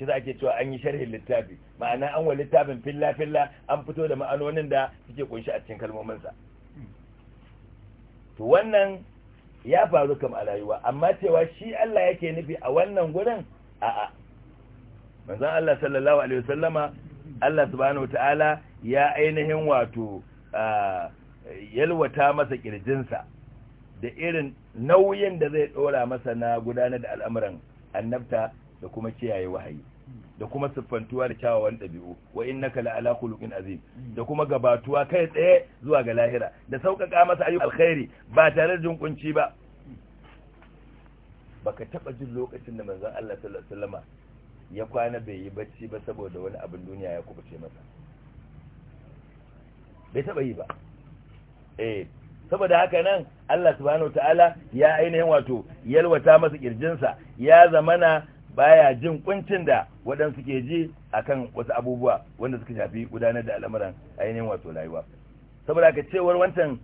shi za ake cewa an yi sharhin littafi ma'ana an wa littafin filla filla an fito da ma'anonin da suke kunshi a cikin kalmominsa to wannan ya faru kam a rayuwa amma cewa shi Allah yake nufi a wannan gurin a'a manzon Allah sallallahu alaihi wasallama Allah subhanahu wataala ya ainihin wato yalwata masa kirjinsa da irin nauyin da zai dora masa na gudanar da al'amuran annabta da kuma kiyaye wahayi da kuma siffantuwa da kyawawan ɗabi'u wa innaka la ala khuluqin azim da kuma gabatuwa kai tsaye zuwa ga lahira da sauƙaƙa masa ayyukan alkhairi ba tare da jinkunci ba baka taba jin lokacin da manzon Allah sallallahu alaihi wasallama ya kwana bai yi bacci ba saboda wani abin duniya ya kubuce masa bai taba yi ba eh saboda haka nan Allah subhanahu wataala ya ainihin wato yalwata masa kirjinsa ya zamana baya jin kuncin da waɗansu ke ji akan wasu abubuwa wanda suka shafi gudanar da al'amuran ainihin wato rayuwa saboda ka cewar wancan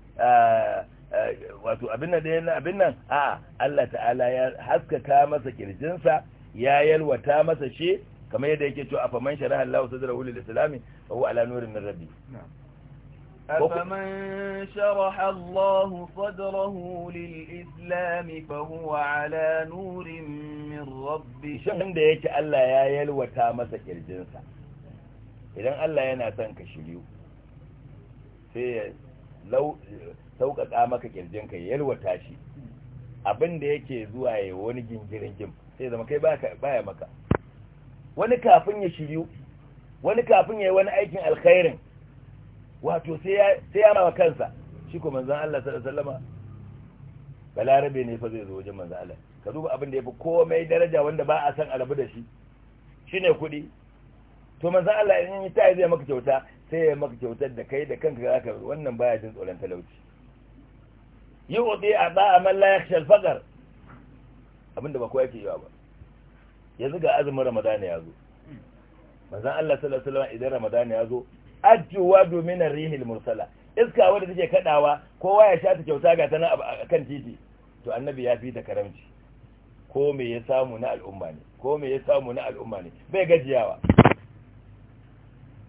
wato abin nan abin nan a Allah ta'ala ya haskaka masa kirjinsa ya yalwata masa shi kamar yadda yake cewa a faman Allah sadrahu lil islami wa huwa ala nurin min rabbi أفمن شرح الله صدره للإسلام فهو على نور من ربه شأن da yake Allah ya yalwata masa kirjinsa idan Allah yana son ka shiryu sai ya sauƙaƙa maka kirjinka ya yalwata shi abin da yake zuwa ya wani gingirin gim sai zama kai baya maka wani kafin ya shiryu wani kafin ya yi wani aikin alkhairin wato sai ya mawa kansa shi ko manzan Allah sallama balarabe ne fa zai zo wajen manzan Allah ka duba abin da ya fi komai daraja wanda ba a san alabu da shi shi ne kuɗi to manzan Allah in yi ta zai maka kyauta sai ya maka kyautar da kai da kanka za ka wannan baya jin tsoron talauci yi wuɗi a ba a malla ya kashe alfagar abinda ba kowa yake yi ba yanzu ga azumin ramadana ya zo manzan Allah sallallahu alaihi wasallam idan ramadana ya zo ajjuwa domin rihil mursala iska wadda take kadawa kowa ya shata kyauta ga tana a kan titi to annabi ya fi ta karamci ko me ya samu na al'umma ne ko me ya samu na al'umma ne bai gajiyawa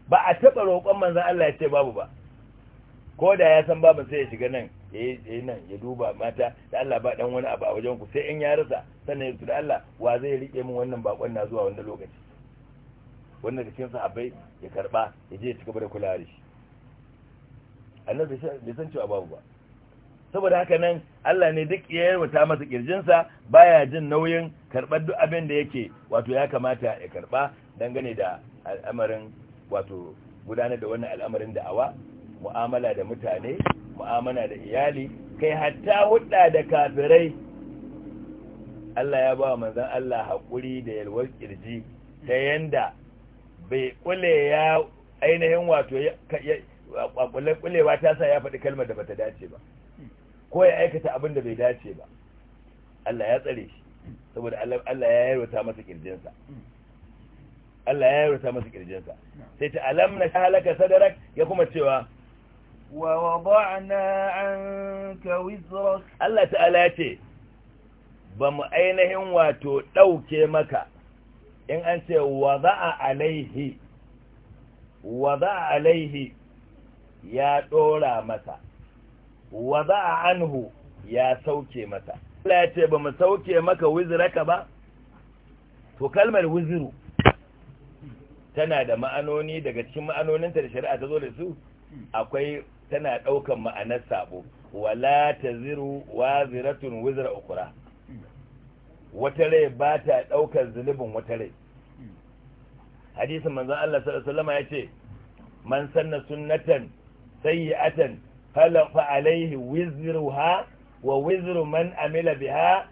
ba a taɓa roƙon manzan Allah ya ce babu ba ko da ya san babu sai ya shiga nan ya nan ya duba mata da Allah ba dan wani abu a wajen ku sai in ya rasa sannan ya da Allah wa zai rike min wannan bakon na zuwa wanda lokaci wannan da cikin ya karba ya je ya ci gaba da kula da shi Annan bai san cewa babu ba saboda haka nan Allah ne duk ya yarwata masa kirjinsa baya jin nauyin karɓar duk abin da yake wato ya kamata ya karɓa dangane da al'amarin wato gudanar da wannan al'amarin da'awa mu'amala da mutane mu'amala da iyali kai hatta hudda da kafirai Allah ya ba manzon Allah haƙuri da yalwar kirji ta yanda bai kulle ya ainihin wato kullewa ta sa ya faɗi kalmar da bata dace ba ko ya aikata abin da bai dace ba Allah ya tsare shi saboda Allah ya yarwata masa kirjinsa Allah ya yarwata masa kirjinsa sai ta alam na halaka sadarak ya kuma cewa wa wada'na anka wizrak Allah ta'ala ce ba mu ainihin wato dauke maka in an ce waza alaihi a alaihi ya ɗora masa waza anhu ya sauke masa Allah ya ce ba mu sauke maka ka ba to kalmar wiziru tana da ma'anoni daga cikin ma'anoninta da shari'a ta zo da su akwai tana ɗaukan ma'anar sabo wala taziru waziratun wizra ukura wata rai ba ta ɗaukar zunubin wata rai hadisin manzan Allah sallallahu alaihi ya ce man sanna sunnatan sayyi'atan fala fa alaihi ha wa wizru man amila biha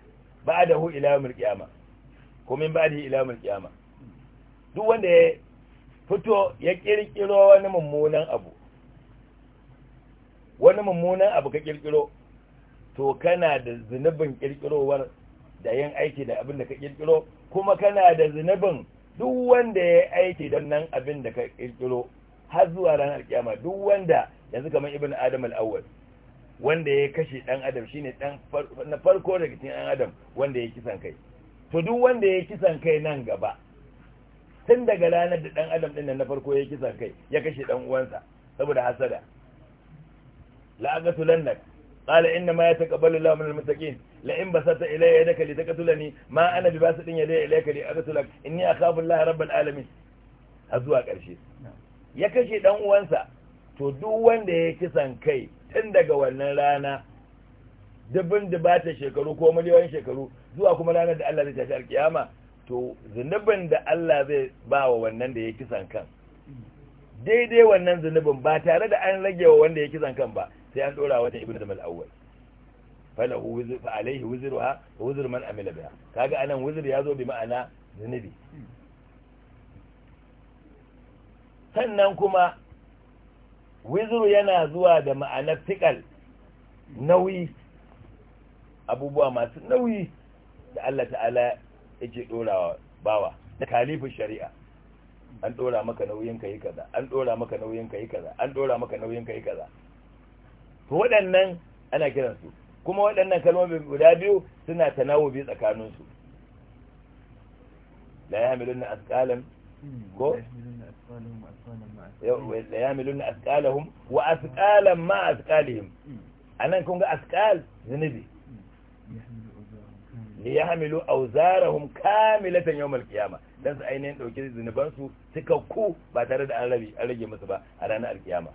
ba'dahu ila yawmil qiyamah ko min ba'dahu ila yawmil qiyamah duk wanda ya fito ya kirkiro wani mummunan abu wani mummunan abu ka kirkiro to kana da zunubin kirkirowar da yin aiki da abin da ka kirkiro kuma kana da zunubin duk wanda ya aiki don nan abin da ka kirkiro har zuwa ranar kiyama duk wanda yanzu kamar ibn adam al-awwal wanda ya kashe dan adam shine dan na farko daga cikin dan adam wanda ya kisan kai to duk wanda ya kisan kai nan gaba tun daga ranar da dan adam din nan na farko ya kisan kai ya kashe dan uwansa saboda hasada la'aqatu lannak قال إنما يتقبل الله من المتقين لئن بسطت إلي يدك لتقتلني ما أنا بباسط يدي إليك لأقتلك إني أخاف الله رب العالمين أزواك الشيء يكشي دون وانسى تدوان دي كسان كي تندق والنرانا dubin dubata shekaru ko miliyoyin shekaru zuwa kuma ranar da Allah zai tashi alkiyama to zunubin da Allah zai ba wa wannan da ya kisan kan daidai wannan zunubin ba tare da an rage wa wanda ya kisan kan ba sai an dora wata ibnu zamal awwal falahu wizr fa alaihi wizruha wa wuzir man amila biha kaga anan wizr yazo bi ma'ana zunubi sannan kuma wuzir yana zuwa da ma'anar tikal nauyi abubuwa masu nauyi da Allah ta'ala yake dorawa bawa da kalifin shari'a an dora maka nauyin ka yi kaza an dora maka nauyin ka yi kaza an dora maka nauyin ka yi kaza to waɗannan ana kiransu kuma waɗannan kalmomi guda biyu suna tanawubi tsakaninsu la yahmiluna asqalam na la yahmiluna asqalahum wa asqalan ma asqalihim anan kun ga asqal zunubi mm. li hamilu awzarahum kamilatan yawm al-qiyamah dan su ainihin dauki zunubansu cikakku ba tare da an rabi an rage musu ba a ranar alkiyama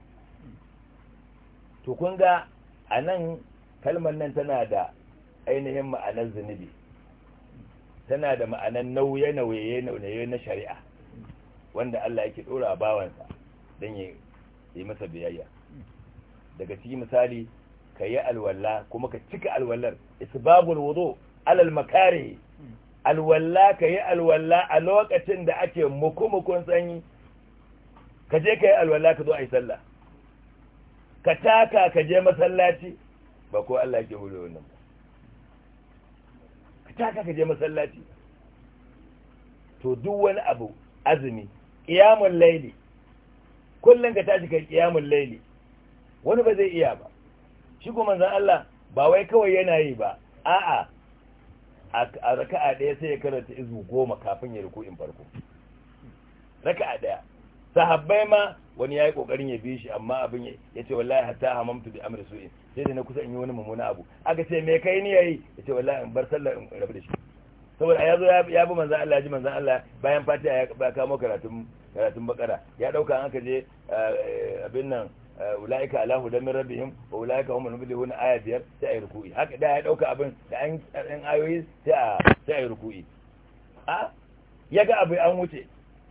to kun ga a nan kalmar nan tana da ainihin ma'anar zunubi tana da ma'anar nauye-nauye nauye na shari'a wanda Allah yake dora bawansa don ya yi masa biyayya daga cikin misali ka yi alwalla kuma ka cika alwallar isbabul wudu alal makare alwalla ka yi alwalla a lokacin da ake muku-mukun sanyi ka je ka yi ka zo a yi sallah ka taka ka je masallaci ba ko Allah ke hule wannan ba ka taka ka je masallaci to duk wani abu azumi ƙiyamun laili kullum ka tashi kai ƙiyamun laili wani ba zai iya ba shi kuma manzon Allah ba wai kawai yana yi ba a'a a raka'a ɗaya sai ya karanta izu goma kafin ya ruku in farko raka'a ɗaya sahabbai ma wani ya yi kokarin ya bi shi amma abin ya ce wallahi hatta hamamtu bi amri su'in sai da na kusa in yi wani mummuna abu aka ce me kai ni yayi ya ce wallahi in bar sallar in rabu da shi saboda ya zo ya bi manzan Allah ji manzan Allah bayan fatiha ya ba kamo karatun karatun bakara ya dauka an ka je eh, abin nan eh, ulaika ala hudan min rabbihim wa ulaika hum muflihun aya biyar sai ayi ruku'i haka da ya dauka abin da an ayoyi sai a sai ayi ruku'i a ah, yaga abu an wuce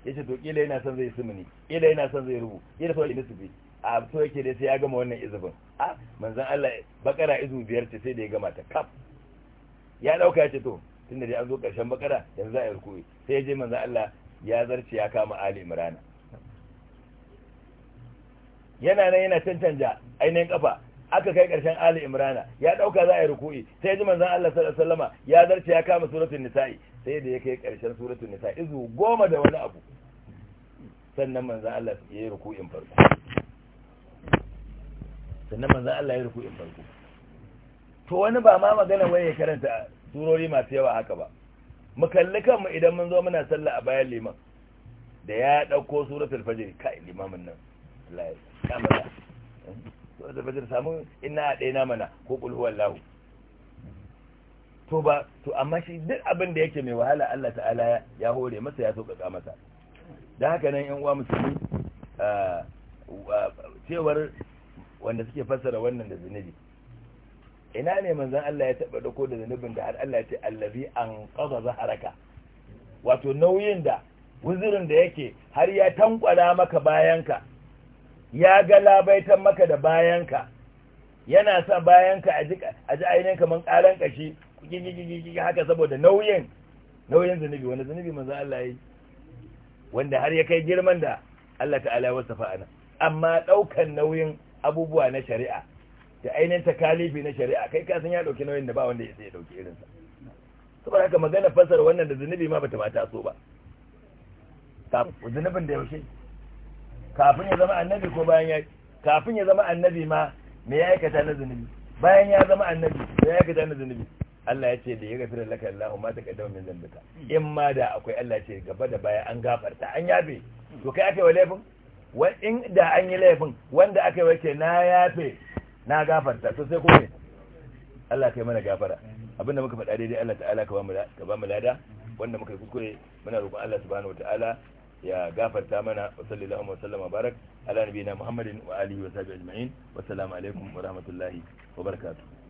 yace to kila yana son zai sumuni kila yana son zai rubu kila so yana sufi a so yake dai sai ya gama wannan izubin a manzon Allah bakara izu biyar ce sai da ya gama ta kaf ya dauka ya ce to tunda dai an zo karshen bakara yanzu za a yi rukuwi sai ya je manzon Allah ya zarce ya kama Ali Imran yana nan yana cancanja ainihin kafa aka kai karshen Ali Imrana ya dauka za a yi ruku'i sai ya ji manzon Allah sallallahu alaihi wasallama ya zarce ya kama suratul nisa'i sai da ya kai karshen suratul nisa'i izu goma da wani abu sannan manzan Allah ya yi ruku'in farko sannan manzan Allah ya yi ruku'in farko to wani ba ma magana wani ya karanta surori masu yawa haka ba mu kalli kanmu idan mun zo muna sallah a bayan liman da ya ɗauko suratul fajr kai limamin nan Allah ya da suratul fajr samu inna adaina mana ko qul huwallahu to ba to amma shi duk abin da yake mai wahala Allah ta'ala ya hore masa ya sauƙaƙa masa da haka nan yan uwa musulmi cewar wanda suke fassara wannan da zunubi ina ne manzon Allah ya taba dako da zunubin da har Allah ya ce allazi an qada zaharaka wato nauyin da wuzirin da yake har ya tankwara maka bayanka ya ga labaitan maka da bayanka yana sa bayanka a ji ainihin kamar ƙaran ƙashi haka saboda nauyin nauyin zunubi wani zunubi manzan Allah ya yi wanda har ya kai girman da Allah ta'ala wasu fa'ana amma ɗaukan nauyin abubuwa na shari'a da ainihin takalifi na shari'a kai kasan ya ɗauki nauyin da ba wanda ya ɗauki irinsa ba haka magana fasar wannan da zunubi ma bata mata so ba zunubin da yaushe kafin ya zama annabi ko bayan ya kafin ya zama annabi ma me ya aikata na zunubi bayan ya zama annabi me ya aikata na zunubi Allah ya ce da ya gafira laka Allah ma kaddama min zambuka in ma da akwai Allah ce gaba da baya an gafarta an yafe to kai aka yi laifin wa in da an yi laifin wanda aka yi ke na yafe na gafarta to sai kuma Allah kai mana gafara abinda muka faɗa daidai Allah ta'ala ka ba mu lada wanda muka yi kuskure muna roƙon Allah subhanahu ta'ala ya gafarta mana wa sallallahu wa sallama barak ala nabiyina Muhammadin wa alihi wa sahbihi ajma'in wa assalamu alaikum wa rahmatullahi wa barakatuh